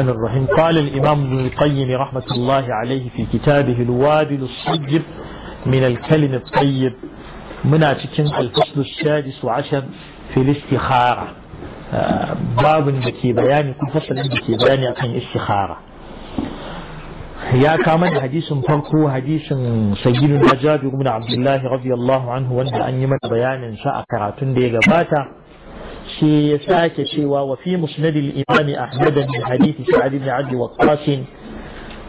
الرحمن الرحيم قال الإمام ابن القيم رحمة الله عليه في كتابه الوابل الصجب من الكلم الطيب من أتكن الفصل السادس عشر في الاستخارة باب بكي بيان كل فصل بكي بيان يعطي الاستخارة يا كامل حديث فرقه حديث سيدنا جابر بن عبد الله رضي الله عنه وأن أن يمن بيان شاء كراتون دي se ya sake cewa wa fi musnadil imami ahmad min hadithi sa'ad ibn abi waqqas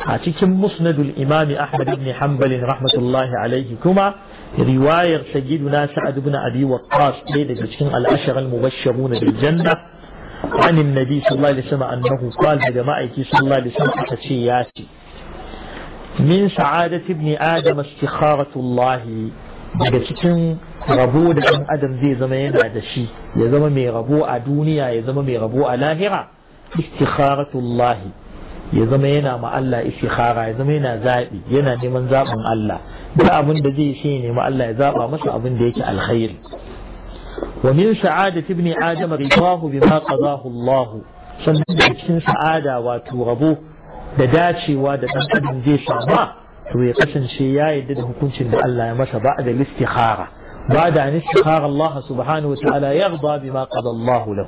a cikin musnadul imami ahmad ibni hanbal rahmatullahi alaihi kuma riwayar sayyiduna sa'ad ibn abi waqqas ɗaya daga cikin al-ashara al-mubashshirun bil janna عن النبي صلى الله عليه وسلم أنه قال لجماعة صلى الله عليه وسلم أتشياتي من سعادة ابن آدم استخارة الله daga cikin rabo da ɗan adam zai zama yana da shi ya zama mai rabo a duniya ya zama mai rabo a lahira istikharatullahi ya zama yana ma Allah istikhara ya zama yana zaɓi yana neman zaɓin Allah duk abin da zai shi ne ma Allah ya zaɓa masa abin da yake alkhairi wa min sa'adati ibn adam ridahu bima qadahu Allah sannan da cikin sa'ada wato rabo da dacewa da ɗan adam zai sama to ya kasance ya yarda da hukuncin da Allah ya masa ba da istikhara بعد أن استخار الله سبحانه وتعالى يرضى بما قضى الله له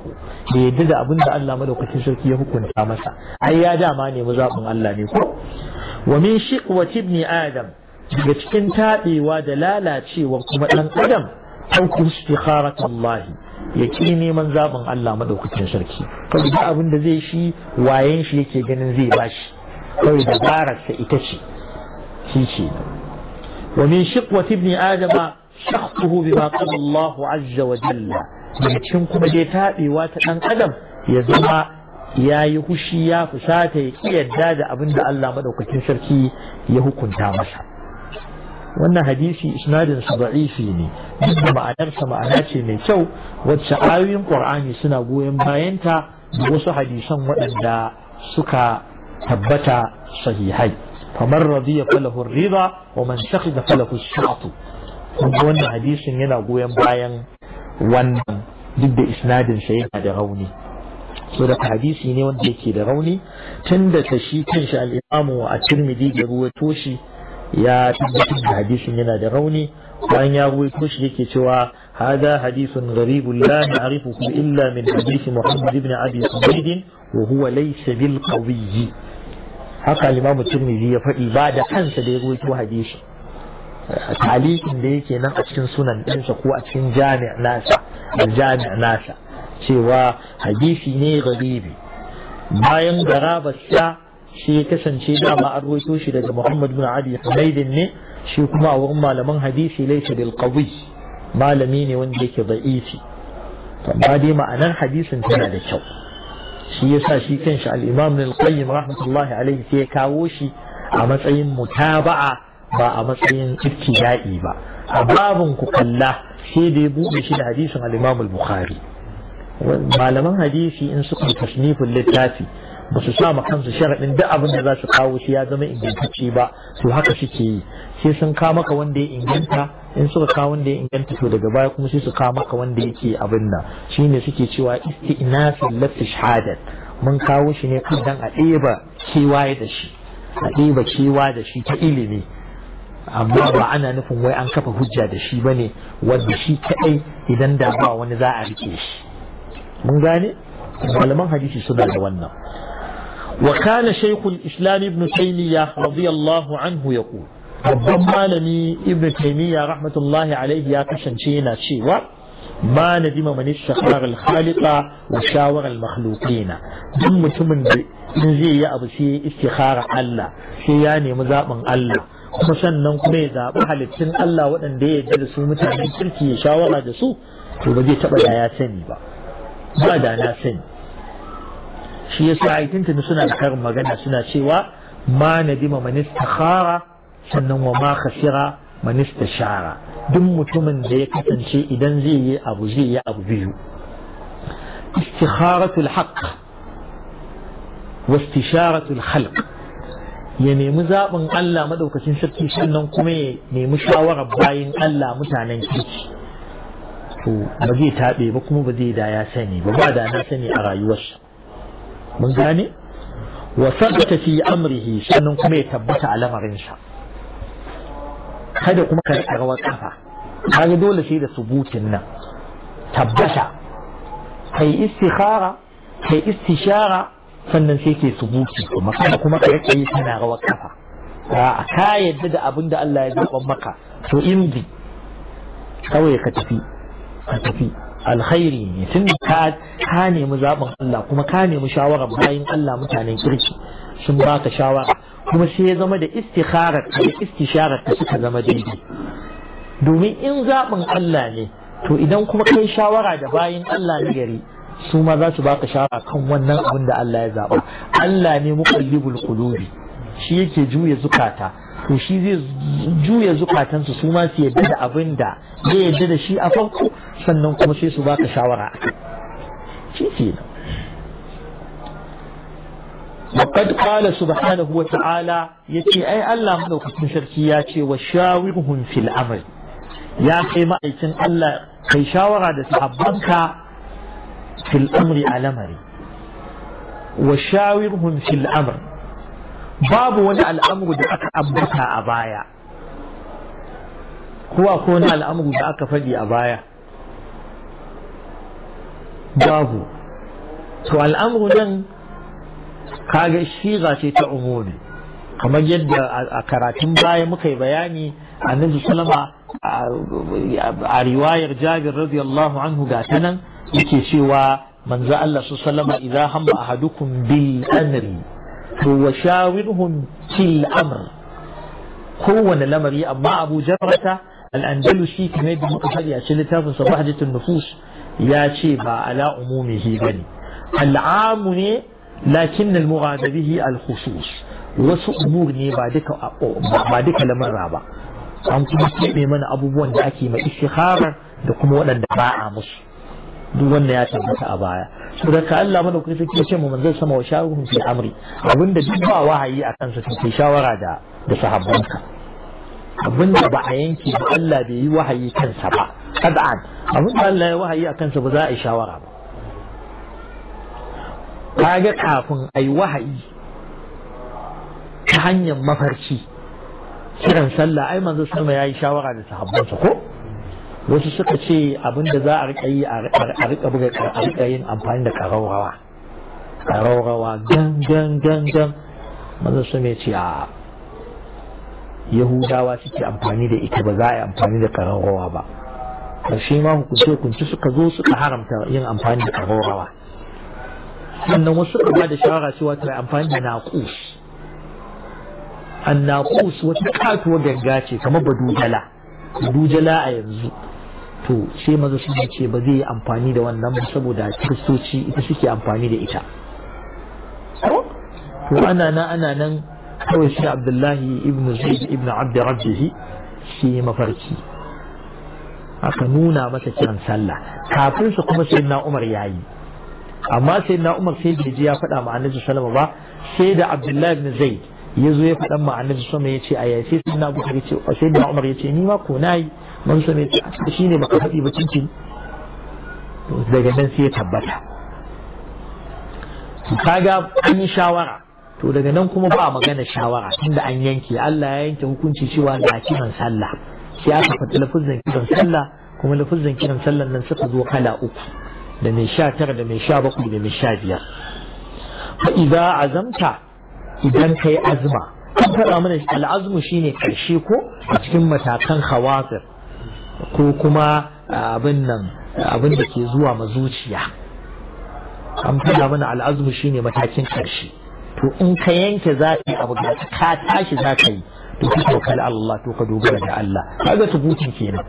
يدد أبن الله ملوك تشركي هكون أمسا أي داماني مزاق الله نيكو ومن شقوة ابن آدم يتكن تابي ودلالة وقمة من أدم أوك استخارة الله يكيني من زاق الله ملوك تشركي فإذا أبن ذي شي وين شي يكي جنن زي باش فإذا بارك سئتشي شي شي ومن شقوة ابن آدم shakhsuhu bima qala Allah azza wa jalla daga kuma dai tabewa ta ɗan adam ya zama ya yi hushi ya fusata ya yadda da abin da Allah madaukakin sarki ya hukunta masa wannan hadisi isnadin sa da'ifi ne duk ma'anarsa ma'ana ce mai kyau wacce ayoyin ƙur'ani suna goyon bayanta da wasu hadisan waɗanda suka tabbata sahihai فمن رضي فله الرضا ومن سخط فله السخط wannan hadisin yana goyon bayan wannan duk da isnadin sa yana da rauni so da hadisi ne wanda yake da rauni tun da ta shi kanshi al-imamu a tirmidhi da ruwa toshi ya tabbatar da hadisin yana da rauni bayan ya ruwaito shi yake cewa hada hadisun gharib la na'rifuhu illa min hadisi muhammad ibn abi sa'id wa huwa laysa bil qawi haka al'imamu imamu tirmidhi ya faɗi ba da kansa da ya ruwaito hadisi talikin da yake nan a cikin sunan ɗinsa ko a cikin jami' nasa al-jami' nasa cewa hadisi ne garibi bayan garabarsa shi ya kasance dama an roto shi daga Muhammad bin Ali Humaydin ne shi kuma a wurin malaman hadisi laisa bil qawi malami ne wanda yake da'ifi amma dai ma'anar hadisin tana da kyau shi yasa shi kanshi al-Imam al-Qayyim rahmatullahi alaihi sai kawo shi a matsayin mutaba'a ba a matsayin ibtida'i ba a babin ku kalla sai da ya buɗe shi da hadisin al bukhari malaman hadisi in suka tasnifin littafi ba su sa kansu sharaɗin duk abin da za su kawo shi ya zama ingantacce ba to haka suke yi sai sun kawo maka wanda ya inganta in suka kawo wanda ya inganta to daga baya kuma sai su kawo maka wanda yake abin nan shine suke cewa isti'nasin lafi mun kawo shi ne kan dan a ɗeba kewaye da shi a ɗeba kewa da shi ta ilimi amma ba ana nufin wai an kafa hujja da shi ba ne wanda shi kaɗai idan da ba wani za a rike shi mun gane malaman hadisi suna da wannan wa kana shaykhul islam ibn taymiya radiyallahu anhu yaqul babban malami ibn taymiya rahmatullahi alaihi ya kasance yana cewa ما ندم من استخار الخالق وشاور المخلوقين mutumin da in zai yi abu sai istikhara Allah sai ya nemi zaɓin Allah kusan nan kuma ya zaɓi halittun Allah waɗanda ya yarda da su mutanen kirki ya shawara da su to ba zai taɓa da ya sani ba ba da na sani shi ya sa aikin suna da karin magana suna cewa ma na nadima man istakhara sannan wa ma khasira man istashara duk mutumin da ya kasance idan zai yi abu zai yi abu biyu istikharatul haqq واستشارة الخلق ya nemi zaɓin Allah maɗaukacin sarki sannan kuma ya nemi shawarar bayan Allah mutanen kirki to ba zai taɓe ba kuma ba zai da ya sani ba ba da na sani a rayuwarsa mun gane wa sabata fi amrihi sannan kuma ya tabbata a lamarinsa kada kuma ka rawar kafa kaga dole sai da subutin nan tabbata kai istikhara kai istishara sannan sai ke subuki kuma kana kuma ka yake yi rawar kafa a ka yadda da abin da Allah ya zaɓa maka to in kawai ka tafi ka tafi alkhairi ne tun ka ka nemi zaɓin Allah kuma ka nemi shawarar bayan Allah mutanen kirki sun baka shawara kuma sai ya zama da istikharar da istisharar ta suka zama daidai domin in zaɓin Allah ne to idan kuma kai shawara da bayan Allah ne gari su ma za su baka shara kan wannan abin da Allah ya zaba Allah ne muqallibul qulubi shi yake juya zukata to shi zai juya zukatansu su ma su yadda da abin da ya yadda da shi a farko sannan kuma sai su baka shawara shi ke nan وقد قال سبحانه وتعالى يتي أي الله ملوك سنشركي ياتي وشاورهم في الأمر يا أخي ما أيتن الله كي شاورا دسحبانك fil amri alamari wa shawirhum fil babu wani al'amuru da aka ambata a baya kowa ko wani da aka faɗi a baya babu to al'amuru nan kaga shiga ce ta umuri kamar yadda a karatun baya muka yi bayani annabi sallama a riwayar jabir radiyallahu anhu ga ta nan yake cewa manzo Allah su sallama idza hamma ahadukum bil amri huwa shawirhum fil amr kowane lamari amma Abu Jarrata al-Andalusi kuma yadda muka a cikin littafin Sabahatul Nufus ya ce ba ala umumihi bane al'amu ne lakin al-murad bihi al-khusus wasu umur ne ba duka ba duka lamarra ba an kuma keɓe mana abubuwan da ake ma istikharar da kuma waɗanda ba a musu duk wanda ya tabbata a baya su da ka Allah mana kuma sai ce mu manzon sama wa shawarun fi amri abinda duk ba wahayi a kansa sai kai shawara da da sahabbanka abinda ba a yanke ba Allah bai yi wahayi kansa ba kad'an abinda Allah ya wahayi a kansa ba za a yi shawara ba kaga kafin ai wahayi ta hanyar mafarki kiran sallah ai manzo sama ya yi shawara da sahabbansa ko wasu suka ce abinda za a rika yi a rika buga a rika yin amfani da karaurawa karaurawa gan gan gan gan maza su me ce a yahudawa suke amfani da ita ba za a yi amfani da karaurawa ba karshe ma hukunce hukunce suka zo suka haramta yin amfani da karaurawa sannan wasu suka ba da shawara cewa ta amfani da naƙus an naƙus wata katuwa ganga ce kamar badujala badujala a yanzu to sai maza su ce ba zai yi amfani da wannan ba saboda kiristoci ita suke amfani da ita to ana nan ana nan kawai shi abdullahi ibn zaid ibn abd rabbihi shi mafarki aka nuna masa kiran sallah kafin su kuma sai na umar yayi amma sai na umar sai bai ji ya faɗa ma annabi sallama ba sai da abdullahi ibn zaid ya zo ya faɗa ma annabi sallama ya ce a yayi sai na umar ya ce ni ma ko na yi? mun sa shi ne baka haɗi ba cikin daga nan sai ya tabbata kaga an yi shawara to daga nan kuma ba magana shawara tunda an yanke Allah ya yanke hukunci cewa da kiran sallah sai aka fata lafazin kiran sallah kuma lafazin kiran sallah nan suka zo kala uku da mai sha tara da mai sha bakwai da mai sha biyar fa idza azamta idan kai azma an faɗa mana al'azmu shine karshe ko a cikin matakan khawazir ko kuma abin nan abin da ke zuwa ma zuciya an faɗa mana al'azumi shine matakin karshe to in ka yanke zaɓi abu ga ka tashi za ka yi to ka Allah to ka dogara da Allah kaga tubutin kenan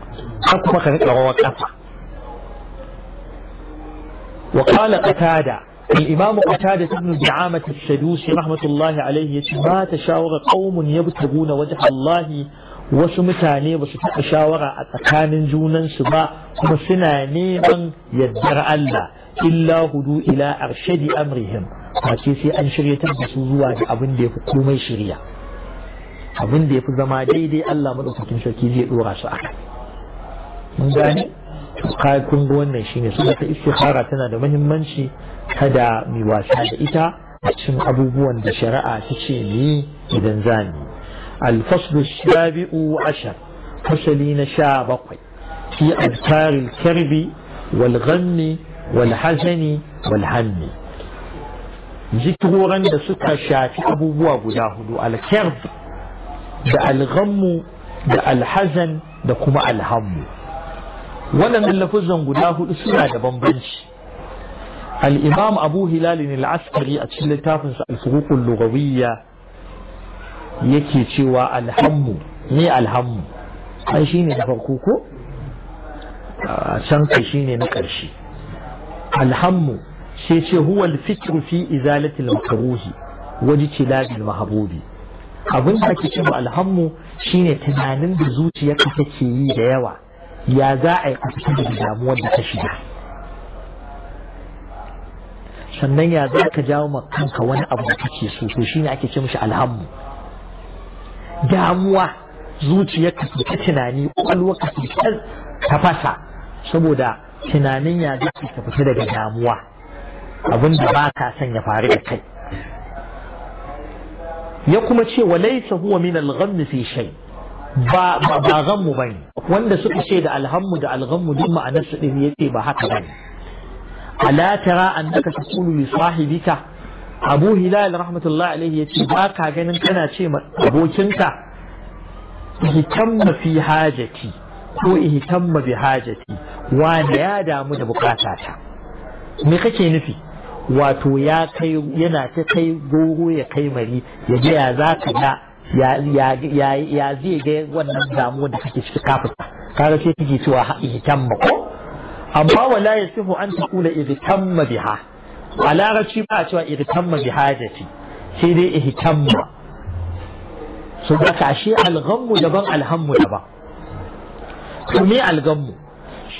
ka kuma ka riƙa rawar kafa وقال قتادة الإمام قتادة بن دعامة السدوسي رحمة الله عليه ما تشاور قوم يبتغون وجه الله wasu mutane ba su taɓa shawara a tsakanin junansu ba kuma suna neman yardar Allah illa hudu ila arshadi amrihim Wace sai an shiryatar da su zuwa da abin da ya fi komai shirya abin da ya fi zama daidai Allah maɗaukakin sarki zai ɗora su aka mun gane kun ga wannan shine su ta istikhara tana da muhimmanci kada mu wasa da ita a cikin abubuwan da shari'a ta ce ni idan za الفصل السابع عشر فصلين شابق في أذكار الكرب والغم والحزن والهم ذكرورا دا سكا شافي أبو أبو داهدو الكرب دا الغم دا الحزن دا كما الهم ولا من قداه السنة دا بنبنش الإمام أبو هلال العسكري أتشل تافنس الفروق اللغوية yake cewa alhammu ni alhammu ai shine da farko ko a can kai shine na karshe alhammu shi ce huwa alfikru fi izalati makruhi waji tilabi almahbubi abin da ake cewa alhammu shine tunanin da zuciyarka take yi da yawa ya za a yi ka da damuwar da ta shiga sannan ya za ka jawo ma kanka wani abu da kake so to shine ake ce mishi alhammu damuwa zuciyarka su ta tunani ƙwaƙwalwarka su ta fasa saboda tunanin ya za ka fita daga damuwa abin da ba ka son ya faru da kai ya kuma ce wa laisa huwa min al-ghammi fi shay ba ba ghammu bane wanda suka ce da alhammu da alghammu duk ma'anar su din yace ba haka bane ala tara annaka taqulu li sahibika abu hilal rahmatullahi alaihi ya ce ba ka ganin kana ce abokinka ihtamma fi hajati ko ihtamma bi hajati wanda ya damu da ta me kake nufi wato ya kai yana ta kai goro ya kai mari ya ga ya za ka ga ya zai ga wannan damu da kake ciki kafuta kaga sai kake cewa ihtamma ko amma wala yasifu an taqula ihtamma biha a larabci ba a cewa irtamma bi hajati sai dai ihtamma su ga kashe alghammu daban alhammu daban to me alghammu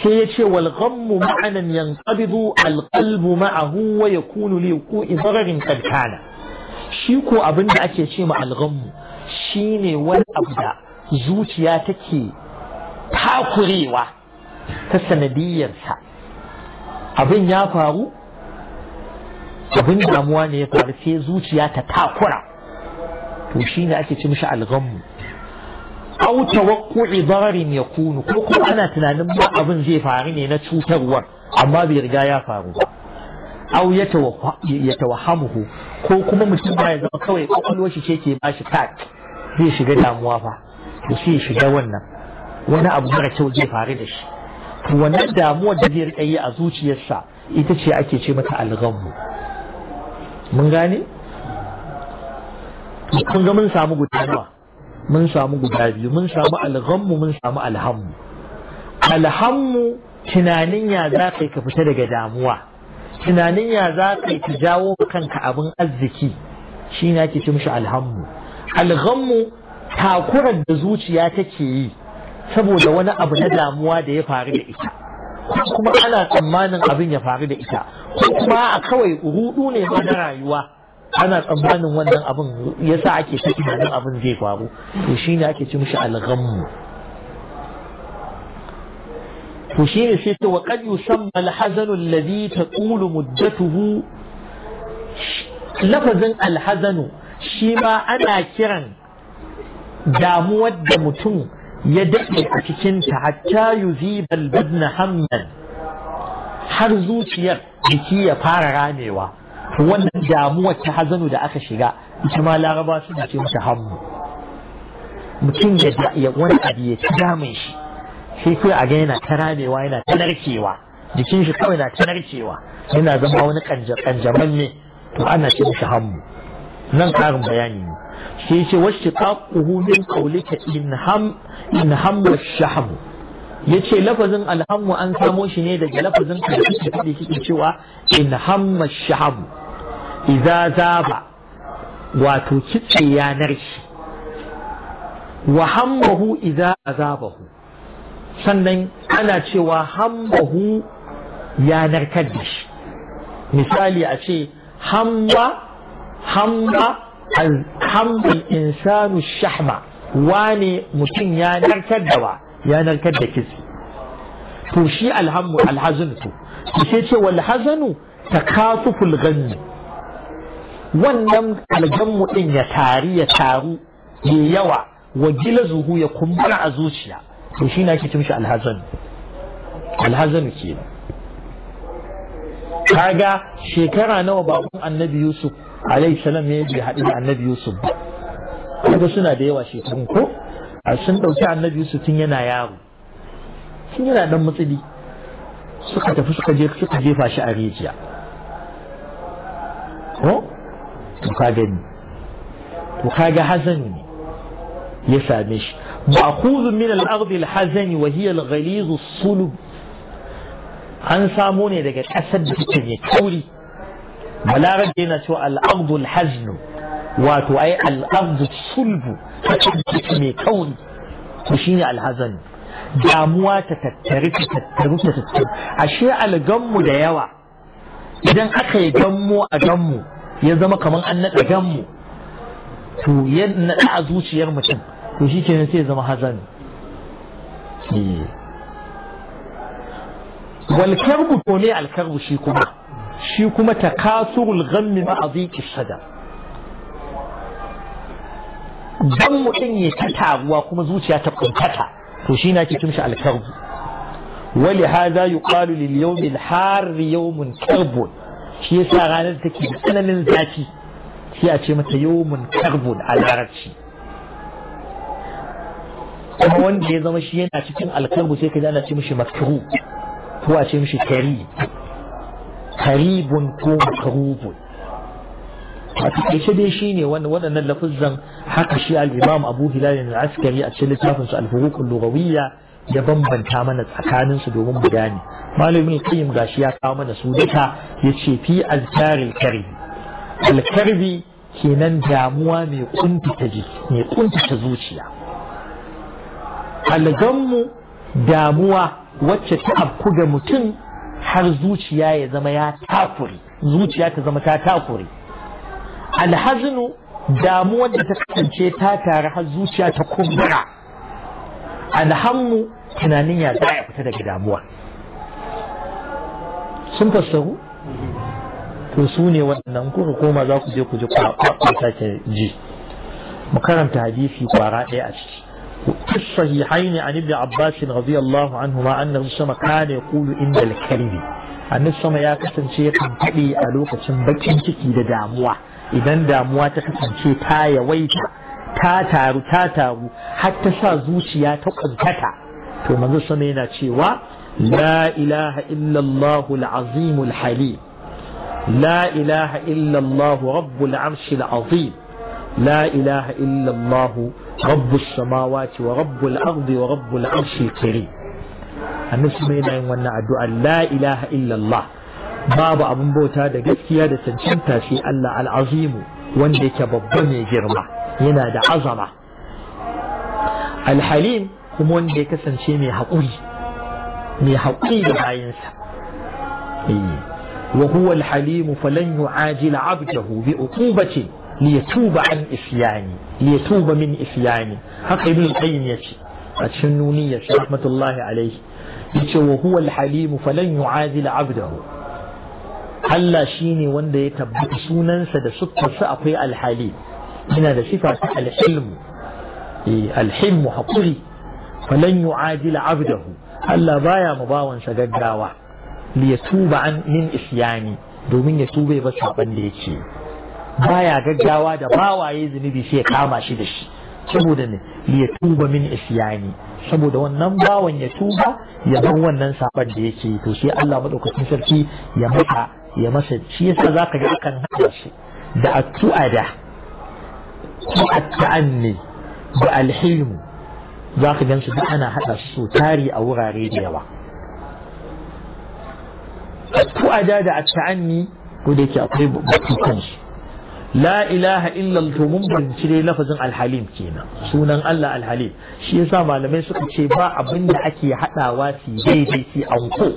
sai ya ce wal ghammu ma'anan yanqabidu alqalbu ma'ahu wa yakunu li yuqi zararin kad shi ko abin da ake ce ma alghammu shine wani abu da zuciya take takurewa ta sanadiyarsa abin ya faru abin damuwa ne ya faru sai zuciya ta takura to ne ake ci mishi alghammu aw tawaqqu'i ya kunu, ko kuma ana tunanin ba abin zai faru ne na cutarwar amma bai riga ya faru ba aw tawahamuhu ko kuma mutum ba ya zama kawai kwakwalwar shi ce ke bashi tak zai shiga damuwa fa to sai shiga wannan wani abu mara kyau zai faru da shi to wannan damuwar da zai riƙa yi a zuciyarsa ita ce ake ce mata alghammu mun gane kun ga mun samu guda nawa mun samu guda biyu mun samu alhammu mun samu alhammu alhammu tunanin ya za ka ka fita daga damuwa tunanin ya za ka ka jawo kanka abin arziki shi na ke ci alhammu alhammu takurar da zuciya take yi saboda wani abu na damuwa da ya faru da ita kuma ana tsammanin abin ya faru da ita ko kuma a kawai hudu ne ma na rayuwa ana tsammanin wannan abin yasa ake ta tunanin abin zai faru to shine ake ci mishi alghammu to shine sai ta wa qad yusamma alhazanu alladhi taqulu muddatuhu lafazin alhazanu shi ma ana kiran damuwar da mutum ya daɗe a cikinta hatta yuziba albadna hamman har zuciyar jiki ya fara ramewa wannan damuwa ta hazanu da aka shiga ita ma laraba suna ce mata hammu mutum ya wani abu ya ci damun shi sai kai a ga yana ta ramewa yana ta narkewa jikin shi kawai na ta narkewa yana zama wani kanjaman ne to ana ce mata hammu nan karin bayani ne sai ce wasu ta kuhu min kaulika in ham in hammu shahamu Ya ce lafazin alhammu an samo shi ne daga lafazin da shi fadi kike cewa in hamma shahabu idza zaba wato kitse yanar shi wa hammahu iza azabahu sannan ana cewa hammahu yanar kadda shi misali a ce hamma hamma hamma insanu shahma wane mutum ya narkar da ya narkar da kisi to shi alhamu alhazin to sai ce wal hazanu takasuful ganni wannan aljanmu din ya tari ya taru ya yawa wa zuhu ya kumbura a zuciya to shi na cin shi alhazan alhazan ke kaga shekara nawa babun annabi yusuf alaihi salam ya yi haɗu da annabi yusuf ba kaga suna da yawa shekarun ko sun dauki annabi su tun yana yaro sun yana dan matsidi suka tafi suka je suka jefa shi a rijiya ko to ka ni to ka ga hazani ne ya same shi ma'khudhu min al-ardi al-hazani wa hiya al-ghaliz as-sulub an samo ne daga kasar da take mai kauri balarabe yana cewa al-ardu al-haznu wato ai al'abdu sulbu ta mai kauri to shine alhazan damuwa ta tattari ta tattaru ta tattaru ashe alganmu da yawa idan aka yi gammo a gammu ya zama kamar an naɗa gammu to ya naɗa a zuciyar mutum to shi kenan sai zama hazan walkarbu to ne alkarbu shi kuma shi kuma ta kasurul gammi ma a zai sada dan mutum ya ta taguwa kuma zuciya ta kuntata to shi na ke cin shi alkarbu wali hadha yuqalu lil yawmil har yawmun karbun shi yasa ranar take da tsananin zafi shi a ce mata yawmun karbun a larabci kuma wanda ya zama shi yana cikin alkarbu sai ka ana ce mishi makru ko a ce mishi kari karibun ko makrubun a takaice dai shine wannan waɗannan lafuzzan haka shi al-Imam Abu Hilal al-Askari a cikin littafin su al-Furuq al-Lughawiyya ya bambanta mana tsakanin su domin mu gane malamin qayyim gashi ya kawo mana su duka yace fi azkar al-karbi al-karbi kenan damuwa mai ƙuntata jiki mai kuntata zuciya al-gammu damuwa wacce ta afku ga mutum har zuciya ya zama ya takure zuciya ta zama ta takure alhazinu damuwar da ta kasance ta tare har zuciya ta kumbura alhammu tunanin ya za a fita daga damuwa sun fassaru to su ne waɗannan kuka koma za ku je ku ji kwakwata ke ji mu karanta hadisi kwara ɗaya a ciki في الصحيحين عن ابن عباس رضي الله عنهما أن الرسول كان يقول إن الكريم أن السماء يا كسن شيء قد ألوك بكين تكي لدعموه idan damuwa ta kasance ta yawaita ta taru ta taru har ta sa zuciya ta kuntata to manzo sama yana cewa la ilaha illallah al-azim al-halim la ilaha illallah rabbul arsh al-azim لا إله إلا الله رب السماوات babu abin bauta da gaskiya da cancanta shi Allah al-Azim wanda yake babba mai girma yana da azama al-Halim kuma wanda yake kasance mai hakuri mai hakuri da bayinsa wa huwa al-Halim falan yu'ajil 'abdahu bi uqubati li yatuba an isyani li yatuba min isyani haka ibn qayyim yace a cikin nuniyar rahmatullahi alayhi yace wa huwa al-Halim falan yu'ajil 'abdahu Allah shine wanda ya tabbata sunansa da su akwai alhali yana da sifa ta alhilmu eh, alhilmu haƙuri falan Adila, abdahu Allah baya mu bawansa gaggawa li tuba an min isyani domin ya tube ba saban da yake baya gaggawa da bawaye zunubi sai ya kama shi da shi saboda ne li tuba min isyani saboda wannan bawan ya tuba ya bar wannan saban da yake to sai Allah madaukakin sarki ya masa ya masa shi yasa zaka ga akan hada su da at da ko at-ta'anni da al-hilm zaka gan su duk ana hada su tari a wurare da yawa at da at-ta'anni ko da yake akwai batukan la ilaha illa to mun fahimci dai lafazin alhalim kenan sunan Allah alhalim shi yasa malamai suka ce ba abin da ake hadawa su daidai su anko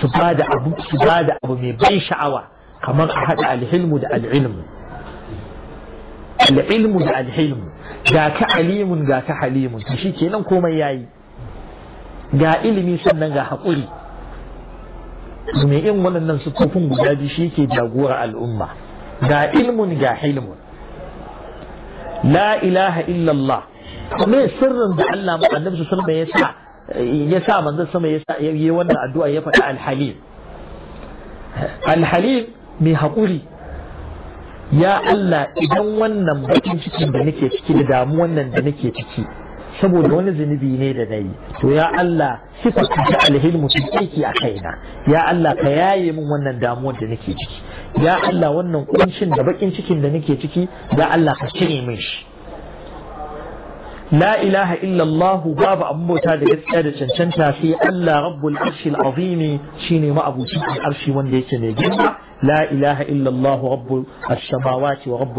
su ba da abu su abu mai bai sha'awa kamar a hada alhilmu da alilmu alilmu da alhilmu ga ka alimun ga ka halimun shi kenan komai yayi ga ilimi sannan ga haƙuri mai in waɗannan sufofin guda biyu shi ke jagora al'umma ga ilmun ga hilmun la ilaha illallah me sirrin da Allah mu annabi su sallama ya sa ya sa manzon sama ya sa wannan addu'a ya faɗi alhali halim mai haƙuri ya Allah idan wannan bakin cikin da nake ciki da damuwan da nake ciki saboda wani zunubi ne da na yi to ya Allah sifar ta alhilmu sun aiki a kaina ya Allah ka yaye min wannan damuwar da nake ciki ya Allah wannan kuncin da bakin cikin da nake ciki ya Allah ka cire min shi la ilaha illallah babu abin bauta da gaskiya da cancanta sai Allah rabbul arshil azimi shine ma'abucin arshi wanda yake mai girma لا إله rabbul الله رب السماوات ورب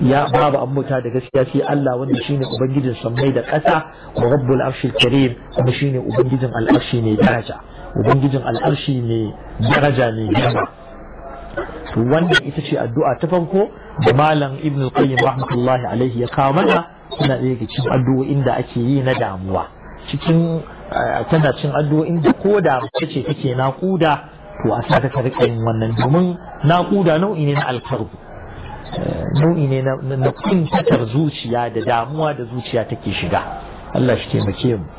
ya babu abubuwa da gaskiya sai Allah wanda shine ubangijin sammai da ƙasa wa rabbul arshil karim kuma shine ubangijin al'arshi ne daraja ubangijin al'arshi ne daraja ne girma wannan ita ce addu'a ta farko da malam ibn qayyim rahmatullahi alaihi ya kawo mana suna ɗaya daga cikin addu'o'in da ake yi na damuwa cikin eh, tana cin addu'o'in da ko da mace ce take naƙuda to a sa ta rika yin wannan domin naƙuda nau'i ne na alkarbu nau'i ne na kuntatar zuciya da damuwa da zuciya take shiga Allah shi taimake mu